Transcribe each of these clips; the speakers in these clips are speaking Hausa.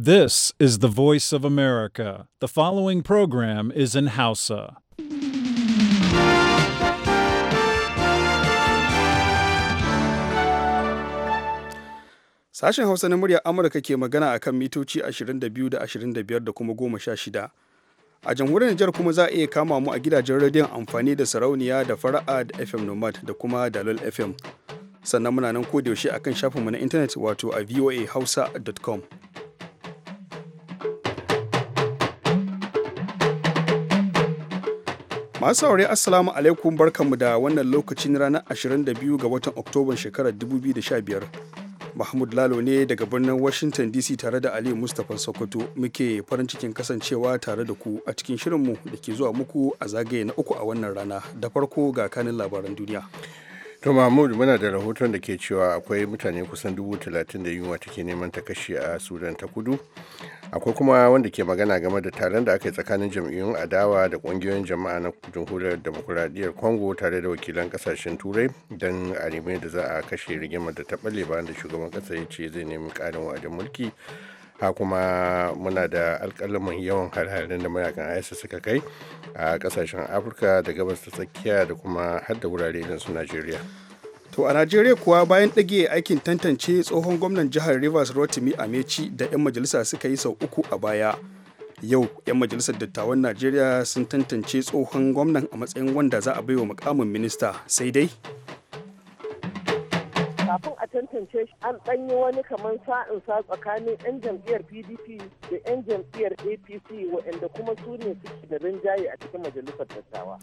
This is the voice of America. The following program is in Hausa. Sashen Hausa na murya Amurka ke magana a kan mitoci 22 da 25 da kuma 16. A jamhuriyar Nijar kuma za a iya kama mu a gidajen rediyon amfani da sarauniya da fara'a da FM Nomad da kuma Dalol FM. Sannan muna nan kodiyoshi a kan shafinmu na intanet wato a voahausa.com. Masu saurari Assalamu alaikum barkanmu da wannan lokacin ranar 22 ga watan Oktoban shekarar 2015. Mahmud Lalo ne daga birnin Washington DC tare da Ali Mustapha Sokoto muke farin cikin kasancewa tare da ku a cikin shirinmu da ke zuwa muku a zagaye na uku a wannan rana da farko ga kanin labaran duniya. To Mahmud muna da rahoton da ke cewa akwai mutane kusan dubu talatin da yunwa take neman ta kashe a Sudan ta kudu. Akwai kuma wanda ke magana game da taron da aka yi tsakanin jam'iyyun adawa da ƙungiyoyin jama'a na jamhuriyar demokuraɗiyyar Congo tare da wakilan kasashen Turai don a da za a kashe rigimar da ta ɓalle bayan da shugaban ƙasa ya ce zai nemi ƙarin wa'adin mulki ha kuma muna da alƙalamin yawan harharin da mayakan isis suka kai a kasashen afirka da gabas ta tsakiya da kuma har da wurare irin su najeriya To a Najeriya kuwa bayan ɗage aikin tantance tsohon gwamnan jihar Rivers Rotimi Amechi da 'yan majalisa suka yi sau uku a baya. Yau 'yan majalisar dattawan Najeriya sun tantance tsohon gwamnan a matsayin wanda za a baiwa mukamin minista sai dai kafin a tantance shi an danyi wani kamar sa'in sa tsakanin 'yan jam'iyyar pdp da 'yan jam'iyyar apc waɗanda kuma su ne suke da rinjaye a cikin majalisar dattawa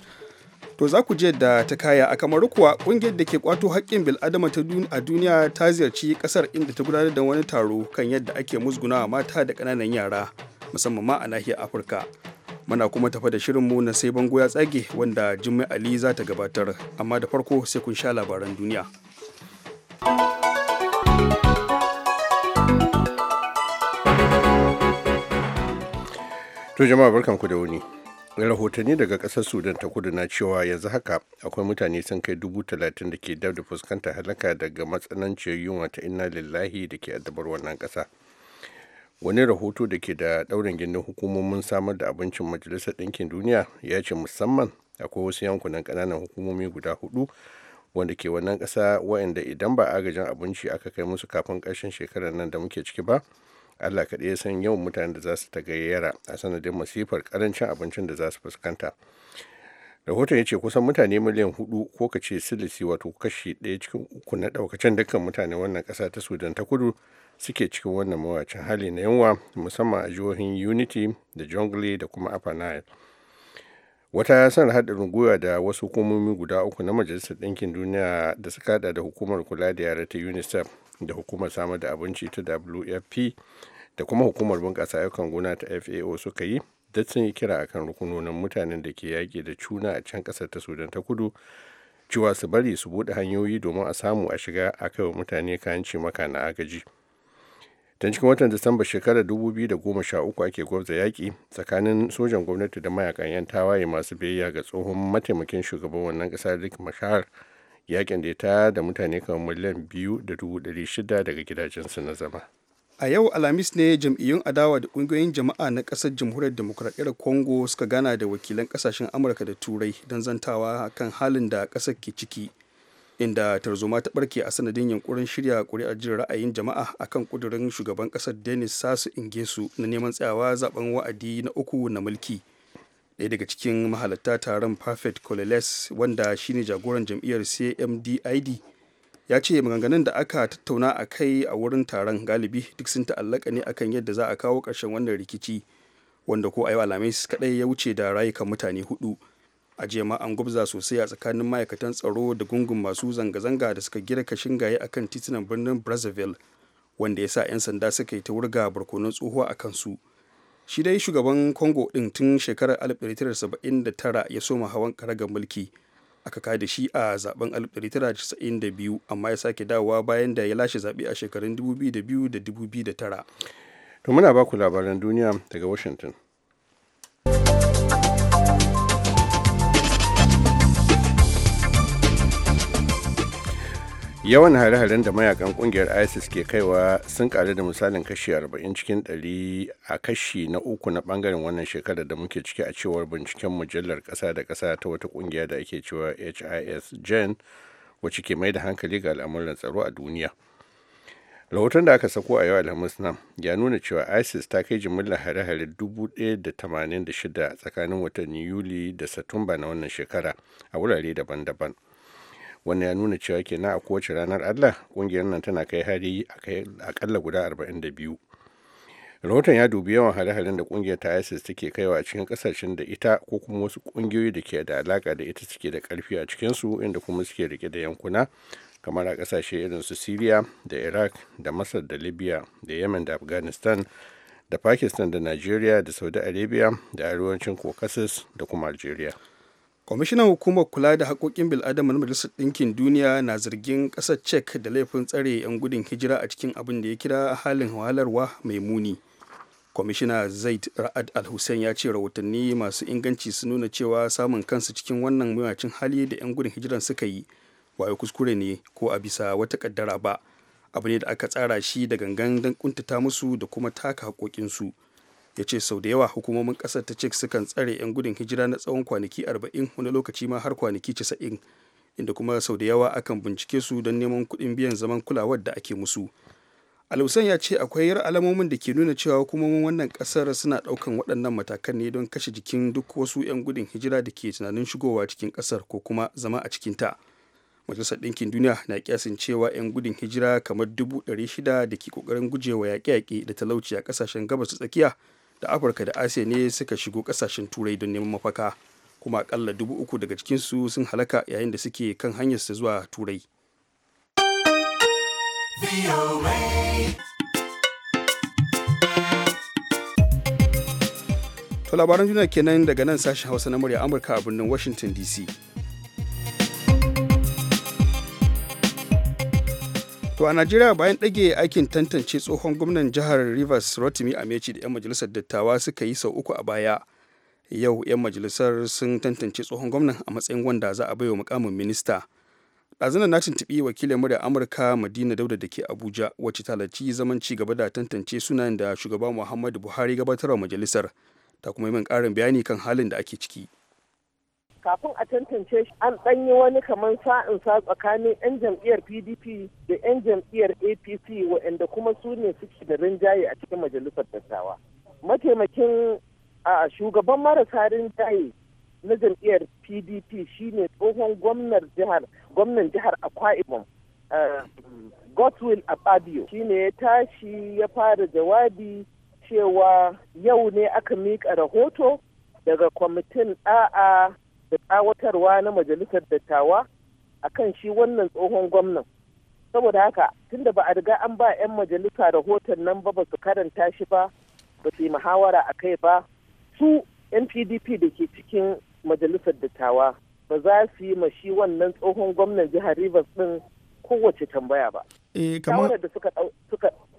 to za ku je da ta kaya a kamar kuwa ƙungiyar da ke kwato haƙƙin bil'adama ta a duniya ta ziyarci ƙasar inda ta gudanar da wani taro kan yadda ake musgunawa mata da ƙananan yara musamman ma a nahiyar afirka muna kuma tafa da shirinmu na sai bango ya tsage wanda Jummai ali za ta gabatar amma da farko sai kun sha labaran duniya To jama'a barkanku da wuni. rahotanni daga kasar sudan ta kudu na cewa yanzu haka akwai mutane sun kai dubu talatin da ke dab da fuskantar halaka daga matsananciyar yunwa ta inna lillahi da ke addabar wannan kasa wani rahoto da ke da ɗaurin gindin hukumomin samar da abincin majalisar ɗinkin duniya ya ce musamman akwai wasu yankunan ƙananan hukumomi guda hudu wanda ke wannan ƙasa waɗanda idan ba agajin abinci aka kai musu kafin ƙarshen shekarar nan da muke ciki ba allah kaɗai ya san yawan mutanen da za su ta gayyara a sanadin masifar ƙarancin abincin da za su fuskanta rahoton ya ce kusan mutane miliyan hudu ko ka ce silisi wato kashi ɗaya cikin uku na ɗaukacin dukkan mutane wannan ƙasa ta sudan ta kudu suke cikin wannan mawacin hali na yunwa musamman a jihohin unity da jongle da kuma upper nile wata sanar haɗin gwiwa da wasu hukumomi guda uku na majalisar ɗinkin duniya da suka haɗa da hukumar kula da yara ta unicef da hukumar samar da abinci ta wfp da kuma hukumar bunƙasa ayyukan gona ta fao suka yi da sun yi kira akan rukunonin mutanen da ke yaƙi da cuna a can ƙasar ta sudan ta kudu cewa su bari su buɗe hanyoyi domin a samu a shiga a kai mutane kayan cimaka na agaji tun cikin watan disamba shekarar 2013 ake gwabza yaƙi tsakanin sojan gwamnati da mayakan 'yan tawaye masu biyayya ga tsohon mataimakin shugaban wannan ƙasar rick mashar yakin da ya ta da mutane kamar miliyan biyu da shida daga gidajensu na zama a yau alhamis ne jam'iyyun adawa da ƙungiyoyin jama'a na ƙasar jamhuriyar demokuraɗiyyar congo suka gana da wakilan ƙasashen amurka da turai don zantawa kan halin da ƙasar ke ciki inda tarzoma ta barke a sanadin yankurin shirya kuri'ar jin ra'ayin jama'a akan kudurin shugaban kasar denis sasu ingesu na neman tsayawa zaben wa'adi na uku na mulki daya daga cikin mahalatta taron perfect coleles wanda shine jagoran jam'iyyar cmdid ya ce maganganun da aka tattauna a kai a wurin taron galibi duk sun ta'allaka ne akan yadda za a kawo ƙarshen wannan rikici wanda ko a yau alamai kaɗai ya wuce da rayukan mutane hudu a jiya ma an gwabza sosai a tsakanin ma'aikatan tsaro da gungun masu zanga-zanga da suka girka shingaye akan titunan birnin brazzaville wanda ya sa 'yan sanda suka yi ta wurga barkonon tsohuwa a kansu shi dai shugaban congo din tun shekarar 1979 ya soma hawan karagar mulki aka da shi a zaben 1992 amma ya sake dawowa bayan da ya lashe zaɓe a shekarun 2002 da 2009 to muna baku labaran duniya daga washington yawan hare-haren da mayakan kungiyar isis ke kaiwa sun karu da misalin kashi 40 cikin 100 a kashi na uku na bangaren wannan shekarar da muke ciki a cewar binciken mujallar kasa da kasa ta wata kungiya da ake cewa his gen wacce ke mai da hankali ga al'amuran tsaro a duniya rahoton da aka sako a yau alhamis nan ya nuna cewa isis ta kai jimillar hare-hare 1086 tsakanin watanni yuli da satumba na wannan shekara a wurare daban-daban wanda ya nuna cewa kenan a kowace ranar allah ƙungiyar nan tana kai hari akalla guda 42 rahoton ya dubi yawan hare-haren da kungiyar ta isis take kaiwa a cikin kasashen da ita ko kuma wasu kungiyoyi da ke da alaka da ita suke da karfi a cikinsu inda kuma suke rike da yankuna kamar a kasashe irin su syria da iraq da masar da libya da yemen da afghanistan da pakistan da nigeria da saudi arabia da arewacin caucasus da kuma algeria kwamishinan hukumar kula da haƙoƙin bil'adama na majalisar ɗinkin duniya na zargin ƙasar cek da laifin tsare 'yan gudun hijira a cikin abin da ya kira halin wahalarwa mai muni kwamishina zaid ra'ad al-hussein ya ce rahotanni masu inganci su nuna cewa samun kansu cikin wannan mawacin hali da 'yan gudun hijiran suka yi wayo kuskure ne ko a bisa wata kaddara ba abu ne da aka tsara shi da gangan don kuntata musu da kuma taka haƙoƙinsu su ya ce sau da yawa hukumomin kasar ta cik sukan tsare 'yan gudun hijira na tsawon kwanaki 40 wani lokaci ma har kwanaki 90 inda kuma sau da yawa akan bincike su don neman kuɗin biyan zaman kulawar da ake musu alusan ya ce akwai yar alamomin da ke nuna cewa hukumomin wannan kasar suna ɗaukan waɗannan matakan ne don kashe jikin duk wasu 'yan gudun hijira da ke tunanin shigowa cikin kasar ko kuma zama a cikin ta majalisar ɗinkin duniya na kyasin cewa 'yan gudun hijira kamar dubu ɗari shida da ke ƙoƙarin gujewa yaƙe-yaƙe da talauci a ƙasashen gabas ta tsakiya da afirka da asiya ne suka shigo kasashen turai don neman mafaka kuma akalla dubu uku daga cikinsu sun halaka yayin da suke kan hanyarsa zuwa turai to labaran duniya kenan daga nan sashen hausa na murya amurka a birnin washington dc To a Najeriya bayan ɗage aikin tantance tsohon gwamnan jihar Rivers Rotimi Amechi da 'yan majalisar dattawa suka yi sau uku a baya. Yau 'yan majalisar sun tantance tsohon gwamnan a matsayin wanda za a baiwa mukamin minista. ɗazunan na tuntuɓi wakilin murya Amurka Madina Dauda da ke Abuja wacce talaci zaman ci gaba da tantance sunan da shugaba Muhammadu Buhari gabatarwa majalisar. Ta kuma yi min ƙarin bayani kan halin da ake ciki. kafin a tantance shi an danyi wani kamar sa'insa tsakanin 'yan jam'iyyar pdp da 'yan jam'iyyar apc waɗanda kuma su ne suke da rinjaye a cikin majalisar dattawa mataimakin a shugaban marasa rinjaye na jam'iyyar pdp shine tsohon gwamnan jihar gwamnan jihar akwa ibom godwill abadio shine ya tashi ya fara jawabi cewa yau ne aka miƙa rahoto daga kwamitin ɗa'a da tsawatarwa na majalisar dattawa a kan shi wannan tsohon gwamnan saboda haka tunda ba a riga an ba 'yan majalisa rahoton nan ba ba su karanta shi ba ba su yi muhawara a kai ba su npdp da ke cikin majalisar dattawa ba za su yi ma shi wannan tsohon gwamnan jihar rivers din kowace tambaya ba eh, shawarar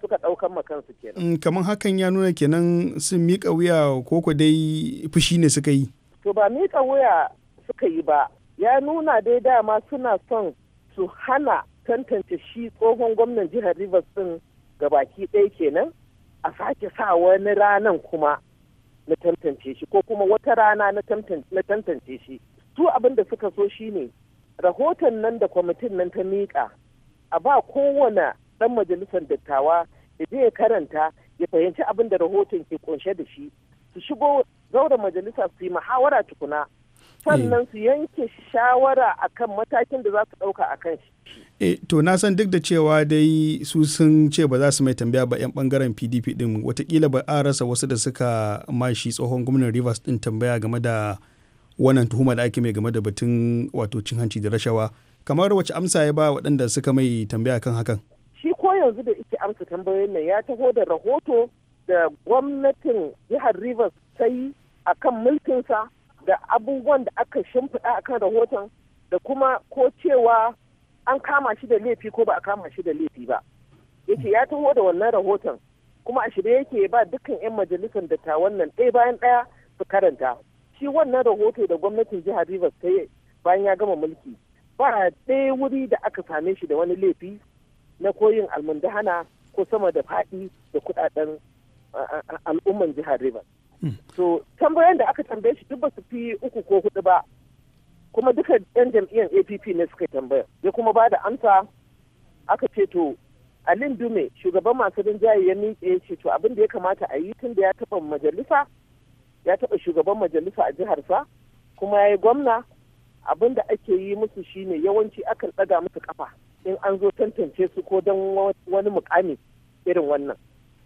suka ɗaukan makansu kenan mm, kamar hakan ya nuna kenan sun miƙa wuya ko dai fushi ne suka yi to ba miƙa wuya suka yi ba ya nuna dai dama suna son su hana tantance shi tsohon gwamnan jihar rivers ga baki ɗaya kenan a sake sa wani ranan kuma na tantance shi ko kuma wata rana na tantance shi su abin da suka so shi ne rahoton nan da kwamitin nan ta miƙa a ba kowane ɗan majalisar dattawa da zai karanta ya fahimci abin da rahoton ke kunshe da shi su shigo zaura majalisa su yi muhawara tukuna sannan eh. su yanke shawara akan matakin da za su ɗauka a kan shi. E, to na san duk da cewa dai su sun ce ba za su mai tambaya ba 'yan bangaren pdp din watakila ba a rasa wasu da suka mashi tsohon gwamnan rivers din tambaya game da wannan tuhuma da ake mai game da batun wato cin hanci da rashawa kamar wacce amsa ya ba waɗanda suka mai tambaya kan hakan shi ko yanzu da ike amsa tambayoyin nan ya taho da rahoto da gwamnatin jihar rivers ta yi akan mulkinsa da abubuwan da aka shimfiɗa akan rahoton da kuma ko cewa an kama shi da laifi ko ba a kama shi da laifi ba yake ya taho da wannan rahoton kuma a shirye yake ba dukkan 'yan majalisar dattawan nan ɗaya bayan ɗaya su karanta shi wannan rahoto da gwamnatin jihar rivers ta yi bayan ya gama mulki ba ɗaya wuri da aka same shi da wani laifi na koyin almundahana ko sama da faɗi da kuɗaɗen al'ummar jihar rivers to tambayan da aka tambaye shi duk ba su fi uku ko hudu ba kuma duka yan jam'iyyar app ne suka yi tambaya ya kuma ba da amsa aka ce to alin dume shugaban masu rinjaye ya miƙe ce to abin da ya kamata a yi tun da ya taɓa majalisa ya taɓa shugaban majalisa a jiharsa kuma ya yi gwamna abin da ake yi musu shine yawanci akan ɗaga musu kafa in an zo tantance su ko don wani mukami irin wannan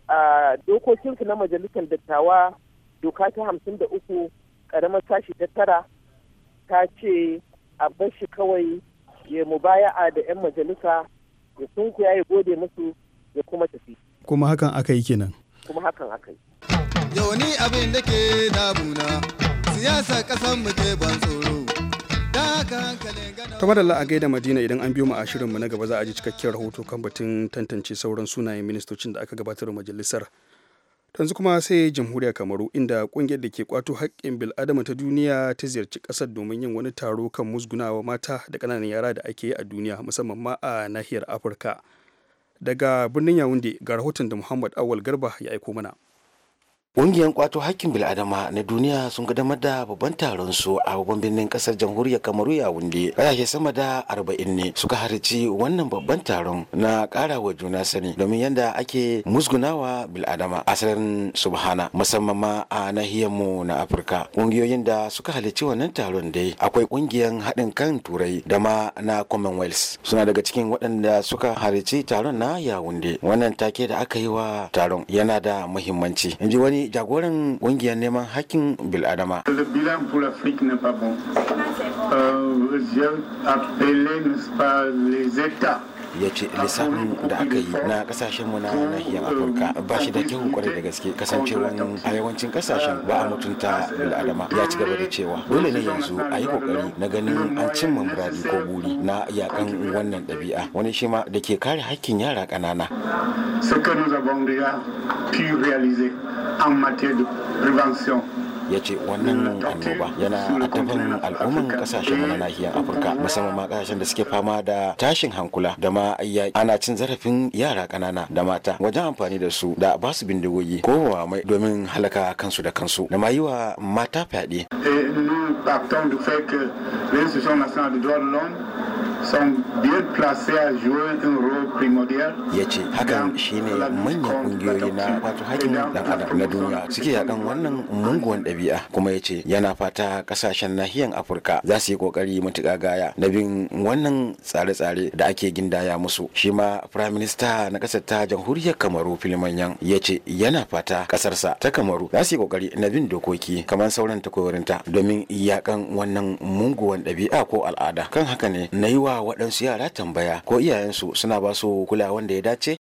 ah, dokokinsu na majalisar dattawa doka ta hamsin da uku karamar tashi ta tara ta ce a bashi kawai ya mubaya'a da 'yan majalisa ya sunkuya ya gode musu ya kuma tafi kuma hakan aka yi kenan kuma hakan aka yi yau ni abin da ke damuna siyasa kasan mu ke ban tsoro kamar da la'agai da madina idan an biyo mu a shirinmu na gaba za a ji cikakken rahoto kan batun tantance sauran sunayen ministocin da aka gabatar majalisar yanzu kuma sai jamhuriyar kamaru inda kungiyar da ke kwato haƙƙin bil'adama ta duniya ta ziyarci ƙasar domin yin wani taro kan musgunawa mata da ƙananan yara da ake yi a duniya musamman ma a nahiyar afirka daga birnin yawunde ga rahoton da muhammad awal garba ya aiko mana Ƙungiyar kwato hakkin bil'adama na duniya sun gudanar da babban taron su a babban birnin ƙasar jamhuriyar Kamaru ya wunde. Ƙasashe sama da arba'in ne suka harci wannan babban taron na ƙara wa juna sani domin yadda ake musgunawa bil'adama asalin subhana musamman ma a nahiyar mu na Afirka. Ƙungiyoyin da suka halarci wannan taron dai akwai ƙungiyar haɗin kan Turai da ma na Commonwealth suna daga cikin waɗanda suka halicci taron na wunde Wannan take da aka yi wa taron yana da muhimmanci. In ji wani jagoran ƙungiyar neman hakkin bil'adama. Euh, Appelez, n'est-ce pas, les ya ce lissafin da aka yi na kasashen mu na nahiyar afirka ba shi da kyau kwarai da gaske kasancewar a yawancin kasashen ba a mutunta bil'adama ya ci gaba da cewa dole ne yanzu a yi kokari na ganin an cimma muradi ko buri na yakan wannan ɗabi'a wani shi ma da ke kare hakkin yara ƙanana. Ce que nous ya fi realize ya ce wannan annoba yana a addaban al'umman kasashen na nahiyar afirka musamman ma kasashen da suke fama da tashin hankula da ma ana cin zarafin yara kanana da mata wajen amfani da su da ba su bindigogi ko mai domin halaka kansu da kansu da ma yi wa mata fyaɗe. ya ce hakan shine manyan ƙungiyoyi na wato hakin dan adam na duniya suke yakan wannan munguwan ɗabi'a kuma ya ce yana fata ƙasashen nahiyar afirka za su yi kokari matuƙa gaya na bin wannan tsare-tsare da ake gindaya musu shi ma prime minister na ƙasar ta jamhuriyar kamaru filimanyan ya ce yana fata ƙasarsa ta kamaru za su yi ƙoƙari na bin dokoki kamar sauran takwarorinta domin yakan wannan munguwan ɗabi'a ko al'ada kan haka ne na wa ba waɗansu yara tambaya ko iyayensu suna ba su kula wanda ya dace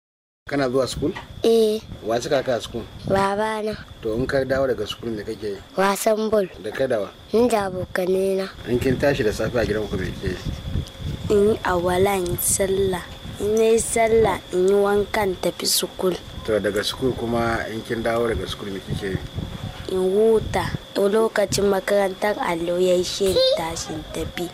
kana zuwa school? eh wa suka ka school? baba na to in ka dawo daga school ne kake yi wasan bol da ka dawa in da abokanai na in kin tashi da safe a gidan ku me ke in yi awala in sallah in yi sallah in yi wankan tafi school to daga school kuma in kin dawo daga school me kike yi in huta lokacin makarantar allo ya yi shi tashin tafi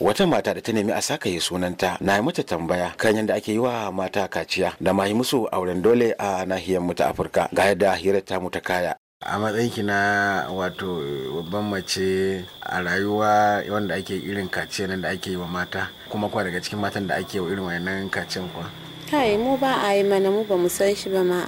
wata mata da ta nemi a sakaye sunanta na yi mata tambaya kan yadda ake yi wa mata kaciya da mahi musu auren dole a nahiyar mu ta afirka ga yadda hirar ta mutu kaya a matsayinki na wato babban mace a rayuwa wanda ake irin kaciya nan da ake yi wa mata kuma kuwa daga cikin matan da ake yi wa irin wannan kaciyan kuwa kai mu ba a yi mana mu ba mu san shi ba ma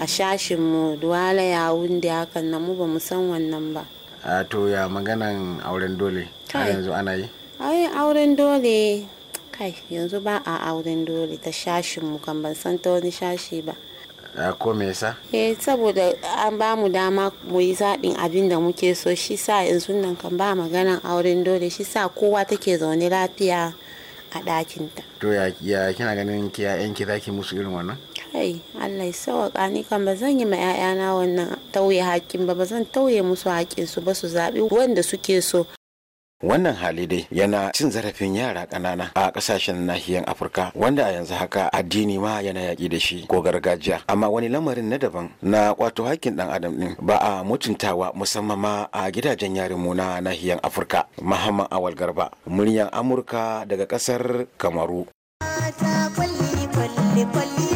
a shashin mu duwala ya wunde hakan na mu ba mu san wannan ba a to ya maganan auren dole a yanzu ana yi Ai auren dole kai yanzu ba a auren dole ta shashin mu kan ban san ta wani shashi ba. A ko me yasa? Eh saboda an ba mu dama mu yi zaɓin abin da muke so shi sa yanzu nan kan ba maganan auren dole shi sa kowa take zaune lafiya a ɗakinta. To ya kina ganin ki yanki zaki musu irin wannan? kai allah ya sawaka ni kan ba zan yi ma 'ya'yana wannan tauye hakkin ba ba zan tauye musu hakkin su ba su zaɓi wanda suke so wannan hali dai yana cin zarafin yara ƙanana a ƙasashen nahiyar afirka wanda a yanzu haka addini ma yana yaƙi da shi ko gargajiya amma wani lamarin na daban na kwato hakkin ɗan adam ɗin ba a mutuntawa musamman ma a gidajen yarinmu na nahiyar afirka muhammad awal garba muryan amurka daga ƙasar kamaru kwalli kwalli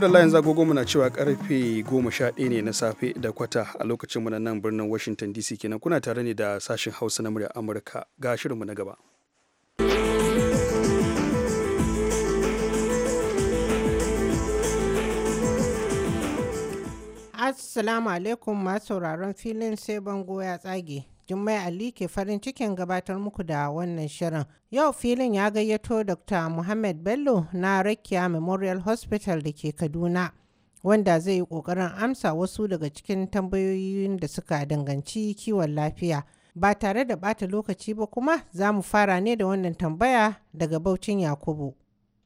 da layin zagogo muna cewa karfe 11 ne na safe da kwata a lokacin mu nan birnin Washington DC kenan kuna tare ne da sashen Hausa na murya Amurka ga shirinmu na gaba. Assalamu alaikum masu sauraron filin sai bango ya tsage. Jummai Ali ke farin cikin gabatar muku da wannan shirin. Yau filin ya gayyato Dr. Muhammad Bello na Rakiya Memorial Hospital da ke Kaduna, wanda zai yi ƙoƙarin amsa wasu daga cikin tambayoyin da suka danganci kiwon lafiya. Ba tare da bata lokaci ba kuma za mu fara ne da wannan tambaya daga Baucin Yakubu.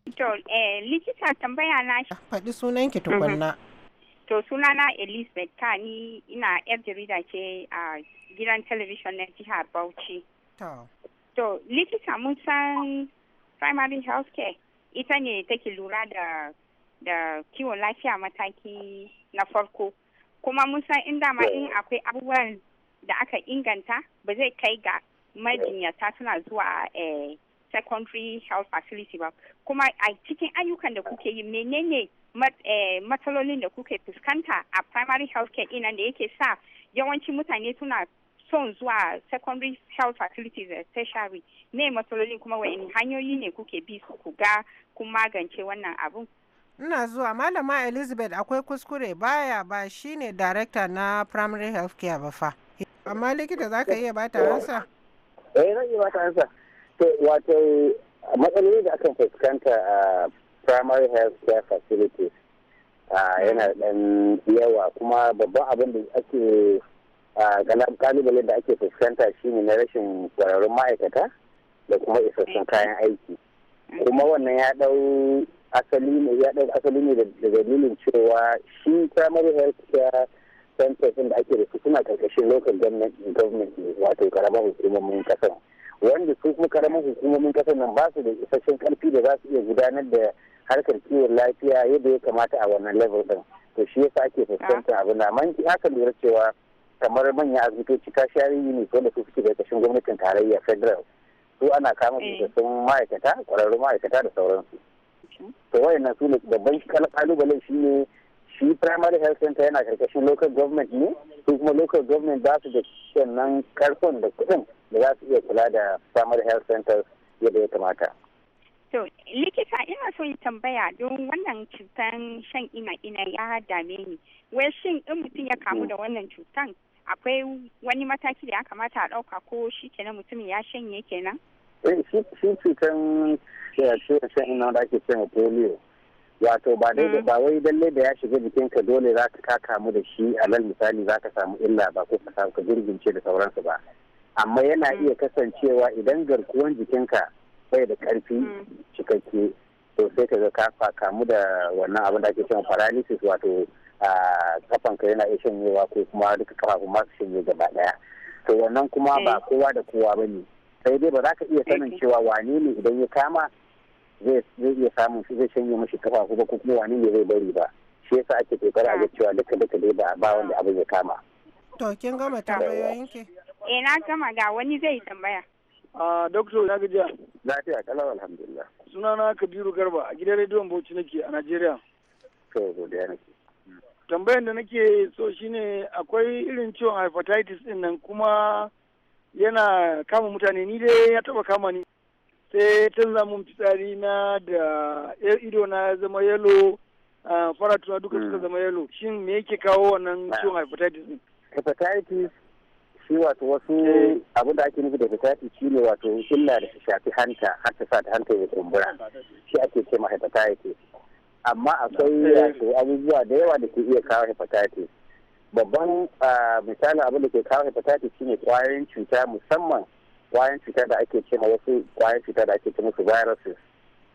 Eh, likita tambaya na shi. Faɗi sunanki tukunna. Mm-hmm. To sunana Elizabeth Kani ina yar jarida ce a gidan television na jihar Bauchi. To. likita mun san primary health care ita ne take lura da da kiwon lafiya mataki na farko kuma mun san inda ma in akwai abubuwan da aka inganta ba zai kai ga majinyata suna zuwa a eh, secondary health facility ba kuma a cikin ayyukan da kuke yi menene Eh, matsalolin da kuke fuskanta a primary health care ina da yake sa yawanci mutane suna son zuwa secondary health facilities da tertiary ne matsalolin kuma wani hanyoyi ne kuke bi su ku ga kun magance wannan abun ina zuwa malama elizabeth akwai kuskure baya ba shine director na primary health care ba fa amma likita za ka iya bata ansa eh zan iya bata ansa to wato matsaloli da akan fuskanta a primary health care facilities ah, yana mm. dan yawa kuma babban abin da ake ah, kalibalen da ake fuskanta shine na rashin kwararrun ma'aikata da kuma isassun mm. kayan aiki mm. kuma wannan ya dau asali ne ya dau asali ne da dalilin cewa shi primary health care centers da ake da su suna karkashin local government ne wato karamar hukumomin kasar wanda su kuma karamar hukumomin kasar nan ba su da isasshen karfi da za su iya gudanar da harkar kiwon lafiya yadda ya kamata a wannan level din to shi yasa ake fuskantar abu na man aka lura cewa kamar manyan asibitoci kashiyayi ne wanda su suke ƙarƙashin gwamnatin tarayya federal su ana kama su eh. sun ma'aikata kwararru ma'aikata da sauransu to wayannan su ne babban kalubalen shi ne shi primary health center yana karkashin local government ne su kuma local government za su da sannan karfin da kuɗin da za su iya kula da primary health center yadda ya kamata To, likita ina so yi tambaya don wannan cutan shan ina-ina ya dame ni. Wai shin in mutum ya kamu da wannan cutan akwai wani mataki da ya kamata a ɗauka ko shi kenan mutumin ya shanye kenan? Eh, shi cutan shan ina da ake shan polio. Wato ba dai mm. ba wai dalle da ya shiga jikinka dole za ka kamu da shi alal misali za ka samu illa ba ko ka samu ka girgince da sauransu ba. Amma yana mm. iya kasancewa idan garkuwan jikinka bai da karfi hmm. cikakke to sai ka ga kafa kamu da wannan abin da ake cewa paralysis wato kafan ka yana iya shanyewa ko kuma duka kafafu masu shanye gaba daya to wannan kuma ba eh. kowa da kowa ba ne sai dai ba za ka iya sanin eh, eh. cewa wane ne idan ya kama zai iya samun zai shanye mashi kafafu ba ko kuma wane ne zai bari ba shi yasa ake kokari a ga ah. cewa duka duka dai ba ba wanda abin ya kama to kin gama tambayoyin ki eh na gama ga wani zai tambaya A doktor ya gajiya. Lafiya kalau alhamdulillah. Sunana Kabiru Garba a gidan rediyon Bauchi nake a Najeriya. To godiya nake. Tambayan da nake so shine akwai irin ciwon hepatitis din nan kuma yana kama mutane ni dai ya taba kama ni. Sai canza mun fitsari na da yar ido na zama yalo ah, faratuna duka suka hmm. zama yalo shin me yake kawo wannan ciwon hepatitis din? Hepatitis shi wato wasu eh. abin da ake nufi da hepatitis shi ne wato illa da shafi hanta har ta sa hanta ya kumbura shi ake ce ma hepatitis amma akwai eh. wato abubuwa da yawa da ke iya kawo hepatitis babban misalin abin da ke kawo hepatitis ne kwayoyin cuta musamman kwayoyin cuta da ake ce wasu kwayoyin cuta da ake ce musu viruses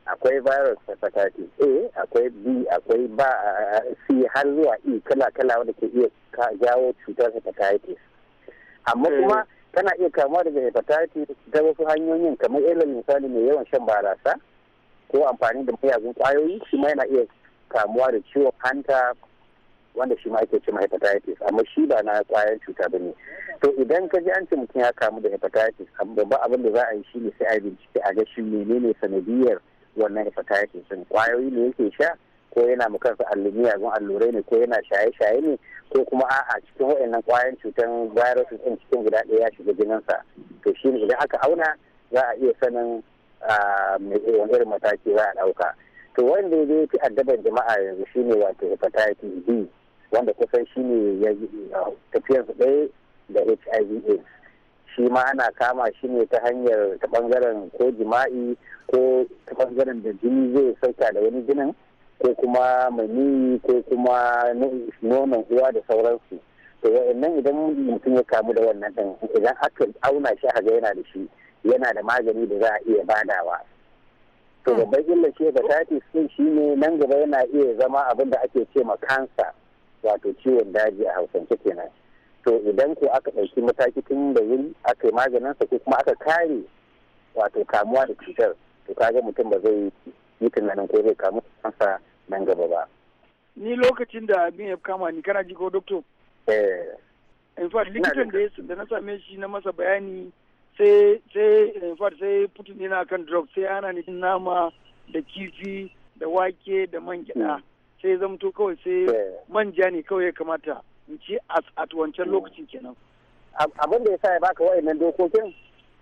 akwai virus hepatitis a akwai b akwai ba c har zuwa e kala kala wanda ke iya jawo cutar hepatitis amma eh. kuma tana iya kamuwa daga hepatitis ta wasu hanyoyin kamar irin misali mai yawan shan barasa ko amfani da mayagun kwayoyi shi ma yana iya kamuwa da ciwon hanta wanda shi ma ake cewa hepatitis amma shi ba na kwayan cuta ba ne to idan ka ji an ce mutum ya kamu da hepatitis ba abin da za a yi shi ne sai a bincike a ga shi menene sanadiyar wannan hepatitis kwayoyi ne yake sha ko yana mu kansa allumiya gun allurai ne ko yana shaye-shaye ne ko kuma a'a cikin waɗannan kwayan cutar virus ɗin cikin guda ɗaya ya shiga jininsa to shi ne idan aka auna za a iya sanin eh, wani irin mataki za a ɗauka to wanda ya fi addaban jama'a yanzu shi ne wato hepatitis B wanda kusan shi ne ya tafiyarsa ɗaya da HIV AIDS shi ma ana kama shi ne ta hanyar ta bangaren ko jima'i ko ta bangaren da jini zai sauka da wani jinin ko kuma mani ko kuma nonon uwa da sauransu to wa'annan idan mutum ya kamu da wannan ɗin idan aka auna shi ga yana da shi yana da magani da za a iya badawa to hmm. babban illar shi sun shi ne nan gaba yana iya zama abin da ake ce ma kansa wato ciwon daji a hausance kenan to idan ko aka ɗauki mataki tun da wuri aka yi maganinsa ko kuma aka kare wato kamuwa da cutar to kaga mutum ba zai yi tunanin ko zai kamu kansa nan gaba ba. Ni lokacin da abin ya kama ni kana ji ko Eh. In fact likitan da da na same shi na masa bayani sai sai in fact Putin yana kan drug sai ana ni nama da kifi da wake da man gyada hmm. sai zamto kawai sai eh. manja ne kawai ya kamata in ce a wancan hmm. lokacin kenan. Abin da ya sa ya baka wa'annan dokokin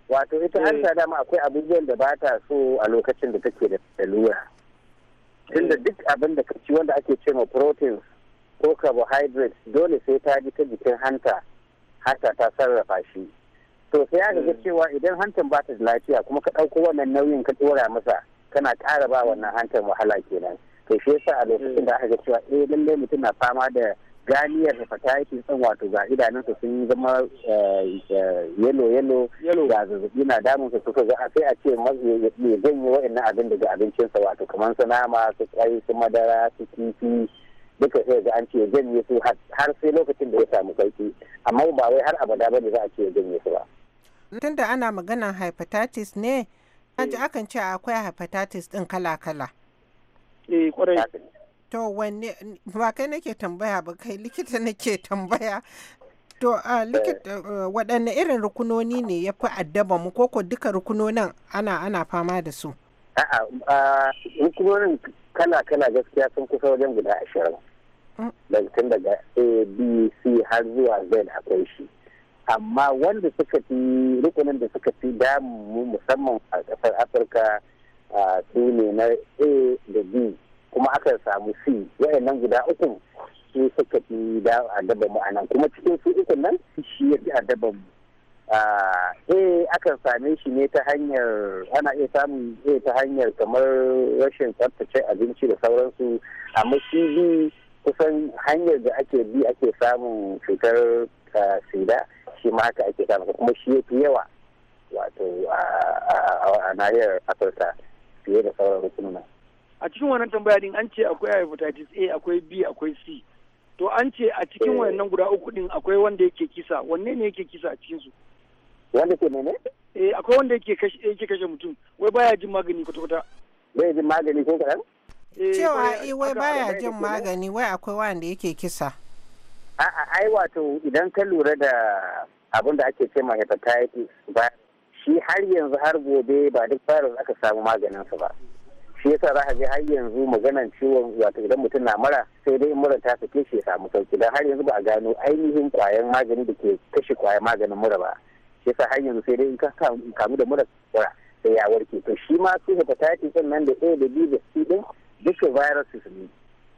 wato ita eh. hanta dama akwai abubuwan da ba ta so a lokacin da take da lalura tunda eh. duk abin da ka ci wanda ake ce ma proteins ko carbohydrates dole sai ta ji ta jikin hanta hanta ta sarrafa shi to sai ya ga eh. cewa idan hantan ba ta da lafiya kuma ka ɗauko wannan nauyin ka ɗora masa kana ƙara ba wannan hantan wahala kenan to shi yasa a lokacin da aka ga cewa eh lallai mutum na fama da ganiyar hepatitis son wato ga idanunsa sun zama yelo eh, eh, yelo ga zazzabi na damun su suka ga sai a ce ya janye wa'annan abin daga abincinsa wato kamar su nama su kwai su madara su kifi duka sai ga an ce ya janye su har sai lokacin da ya samu sauki amma ba wai har abada ba ne za a ce zan yi su ba. tunda ana maganan hepatitis ne ji akan ce akwai hepatitis din kala-kala. eh kwarai to wanne ba kai nake tambaya ba kai likita nake tambaya to a likita eh. Eh, waɗanne irin rukunoni ne ya fi addaba mu koko duka rukunonin ana ana fama da su a'a rukunonin kala kana gaskiya sun kusa wajen guda ashirin mm. daga tun daga a b c har zuwa z akwai shi amma wanda suka fi rukunin da suka fi damu musamman a ƙasar afirka su ne na a da b kuma aka samu si wayannan guda uku su suka fi da addaba mu anan kuma cikin su uku nan shi ya fi addaba mu a aka same shi ne ta hanyar ana iya samun a ta hanyar kamar rashin tsaftace abinci da sauransu amma shi bi kusan hanyar da ake bi ake samun cutar sida shi ma haka ake samun kuma shi ya fi yawa wato a nahiyar afirka fiye da sauran rukunan a cikin wannan tambaya din an ce akwai hepatitis A akwai B akwai C to an ce a cikin eh. wannan guda uku din akwai wanda yake kisa wanne ne yake kisa a cikin su wanda ke mene eh akwai wanda yake kashe yake kashe mutum wai baya jin magani kwata kwata bai jin magani ko kadan eh, cewa eh wai baya jin magani wai akwai wanda yake kisa a'a ai wato idan ka lura da abin da ake cewa hepatitis ba shi har yanzu har gobe ba duk virus aka samu maganin sa ba shi yasa za ka ga har yanzu maganan ciwon wato idan mutum na mara sai dai mura ta sake shi ya samu sauki dan har yanzu ba a gano ainihin kwayan magani da ke kashe kwayan maganin mura ba shi yasa har yanzu sai dai in ka kamu da mura kura sai ya warke to shi ma su hepatitis nan da A da B da C din duka viruses ne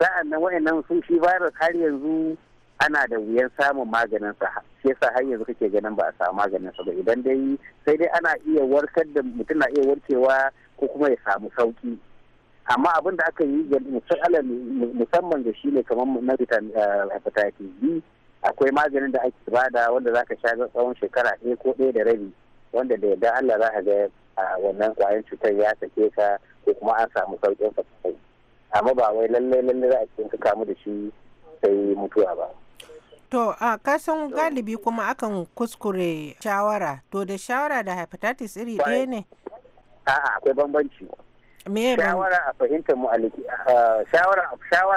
sa'an nan wa'annan su shi virus har yanzu ana da wuyan samun maganin sa shi yasa har yanzu kake ganin ba a samu maganin sa ba idan dai sai dai ana iya warkar da mutum na iya warkewa ko kuma ya samu sauki amma abin da aka yi musamman da shi ne kamar na eh, hepatitis b akwai maganin da ake bada wanda zaka sha ga tsawon shekara ɗaya ko ɗaya da rabi wanda da yadda Allah za ka ga wannan kwayan cutar ya sake ka ko kuma an samu sauƙin sa amma ba wai lallai lallai za a cikin ka kamu da shi sai mutuwa ba. To a kasan galibi kuma akan kuskure shawara to da shawara da hepatitis iri ɗaya ne? A'a akwai bambanci. shawara a fahimtar mu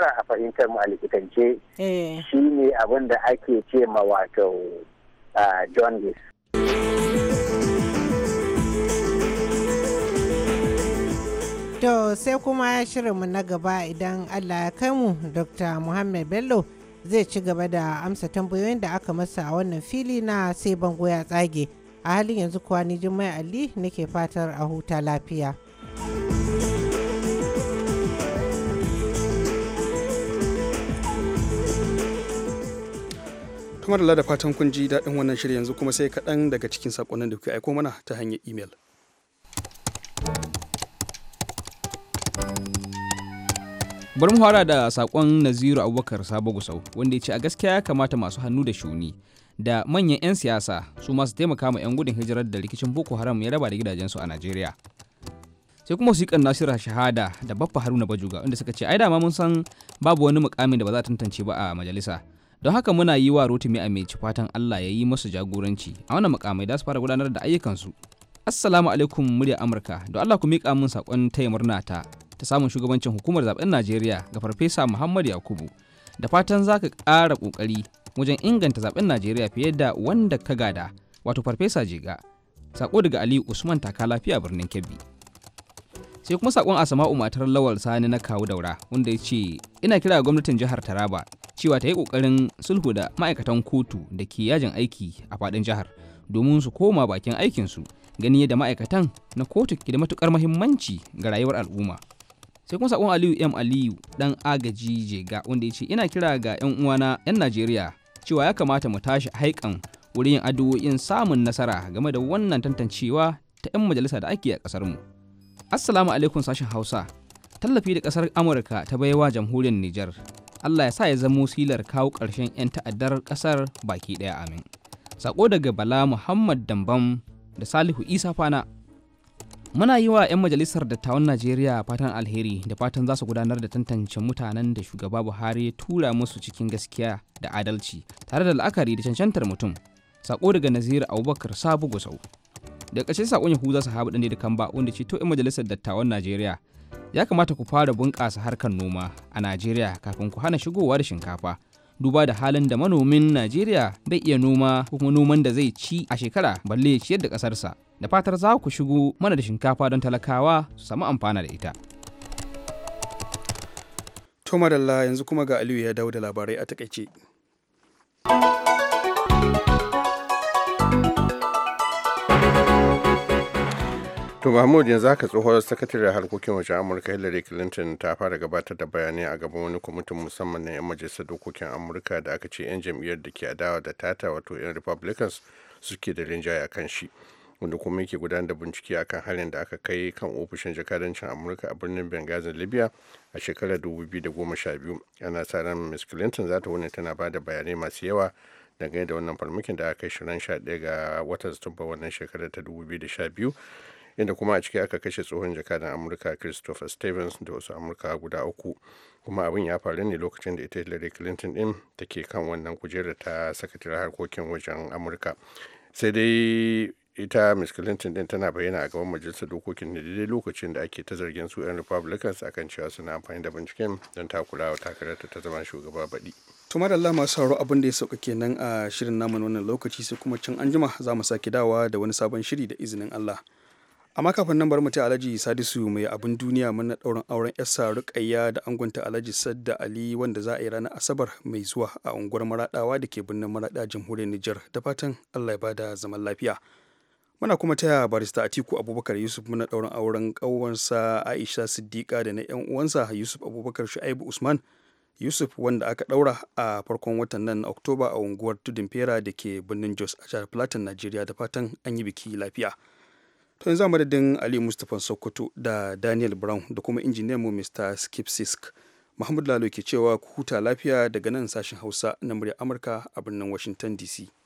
a fahimtar likitance eh. shine abin da ake ce ma wato jaundice To sai kuma shirinmu na gaba idan Allah ya kai mu Dr. Muhammad Bello zai ci gaba da amsa tambayoyin da aka masa a wannan fili na sai bango ya tsage. A halin yanzu kuwa ni jima'i Ali nake fatar a huta lafiya. kuma da fatan kun ji daɗin wannan shirya yanzu kuma sai kaɗan daga cikin saƙonin da kuke aiko mana ta hanyar imel. bari mu fara da sakon naziru abubakar sabo gusau wanda ya ce a gaskiya ya kamata masu hannu da shuni da manyan 'yan siyasa su masu taimaka ma 'yan gudun hijirar da rikicin boko haram ya raba da gidajensu a najeriya sai kuma su kan nasiru shahada da baffa haruna bajuga wanda suka ce ai ma mun san babu wani mukamin da ba za a tantance ba a majalisa don haka muna yi wa rotimi a mai fatan allah ya yi masu jagoranci a wannan mukamai da su fara gudanar da ayyukansu assalamu alaikum murya amurka don allah ku miƙa min saƙon taya murna ta ta samun shugabancin hukumar zaben najeriya ga farfesa muhammad yakubu da fatan za ka ƙara ƙoƙari wajen inganta zaben najeriya fiye da wanda ka gada wato farfesa jega Saƙo daga Aliyu usman taka lafiya birnin kebbi sai kuma sakon asama'u matar lawal sani na kawu daura wanda ya ce ina kira ga gwamnatin jihar taraba cewa ta yi ƙoƙarin sulhu da ma'aikatan kotu da ke yajin aiki a faɗin jihar domin su koma bakin aikinsu gani yadda ma'aikatan na kotu ke da matukar muhimmanci ga rayuwar al'umma sai kuma sakon aliyu m aliyu dan agaji jega wanda ya ce ina kira ga yan uwana yan najeriya cewa ya kamata mu tashi haikan wurin yin addu'o'in samun nasara game da wannan tantancewa ta 'yan majalisa da ake a kasar mu assalamu alaikum sashen hausa tallafi da ƙasar amurka ta baiwa jamhuriyar Nijar. Allah ya sa ya zamo silar kawo ƙarshen 'yan ta'addar ƙasar baki ɗaya amin. Sako daga Bala Muhammad Dambam da Salihu Isa Fana. Muna yi wa 'yan majalisar dattawan Najeriya fatan alheri da fatan za su gudanar da tantance mutanen da shugaba Buhari ya tura musu cikin gaskiya da adalci tare da la'akari da cancantar mutum. Sako daga Nazir Abubakar Sabu Gusau. Da ƙarshe sakon Yahuza Sahabu ɗan da Kamba wanda ce to 'yan majalisar dattawan Najeriya ya kamata ku fara bunƙasa harkar noma a najeriya kafin ku hana shigowa da shinkafa duba da halin da manomin najeriya bai iya noma ko kuma noman da zai ci a shekara balle ya ciyar da ƙasarsa da fatar za ku shigo mana da shinkafa don talakawa su samu amfana da ita to madalla yanzu kuma ga aliyu ya dawo da labarai a takaice To Mahmud yanzu haka tsohuwar sakataren harkokin wajen Amurka Hillary Clinton ta fara gabatar da bayanai a gaban wani kwamitin musamman na 'yan majalisar dokokin Amurka da aka ce 'yan jam'iyyar da ke adawa da tata wato 'yan Republicans suke da rinjaye a kan shi. Wanda kuma yake gudanar da bincike akan halin da aka kai kan ofishin jakadancin Amurka a birnin Benghazi Libya a shekarar 2012. Ana sa ran Ms. Clinton za ta wuni tana ba da bayanai masu yawa dangane da wannan farmakin da aka kai shirin 11 ga watan Satumba wannan shekarar ta 2012 inda kuma a ciki aka kashe tsohon jakadan amurka christopher stevens da wasu amurka guda uku kuma abin ya faru ne lokacin da ita hillary clinton din take kan wannan kujerar ta sakataren harkokin wajen amurka sai dai ita miss clinton din tana bayyana a gaban majalisar dokokin da daidai lokacin da ake ta zargin su 'yan republicans akan cewa suna amfani da binciken don wa takarar ta ta zama shugaba baɗi. tumar Allah masu sauraro abin da ya sauka kenan a shirin namun wannan lokaci sai kuma can anjima za mu sake dawa da wani sabon shiri da izinin Allah. amma kafin nan bar mu alhaji sadisu mai abin duniya mana ɗaurin auren yasa rukayya da angonta alhaji sadda ali wanda za a yi ranar asabar mai zuwa a unguwar maradawa da ke birnin marada jamhuriyar nijar da fatan allah ya bada zaman lafiya muna kuma taya barista atiku abubakar yusuf muna ɗaurin auren ƙawansa aisha siddiƙa da na yan uwansa yusuf abubakar shu'aibu usman yusuf wanda aka ɗaura a farkon watan nan oktoba a unguwar tudun fera da ke birnin jos a jihar plateau najeriya da fatan an yi biki lafiya to yanzu a madadin ali mustapha sokoto da daniel brown da kuma injiniyan mu mr skip sisk mahmud lalo ke cewa ku huta lafiya daga nan sashen hausa na murya amurka a birnin washington dc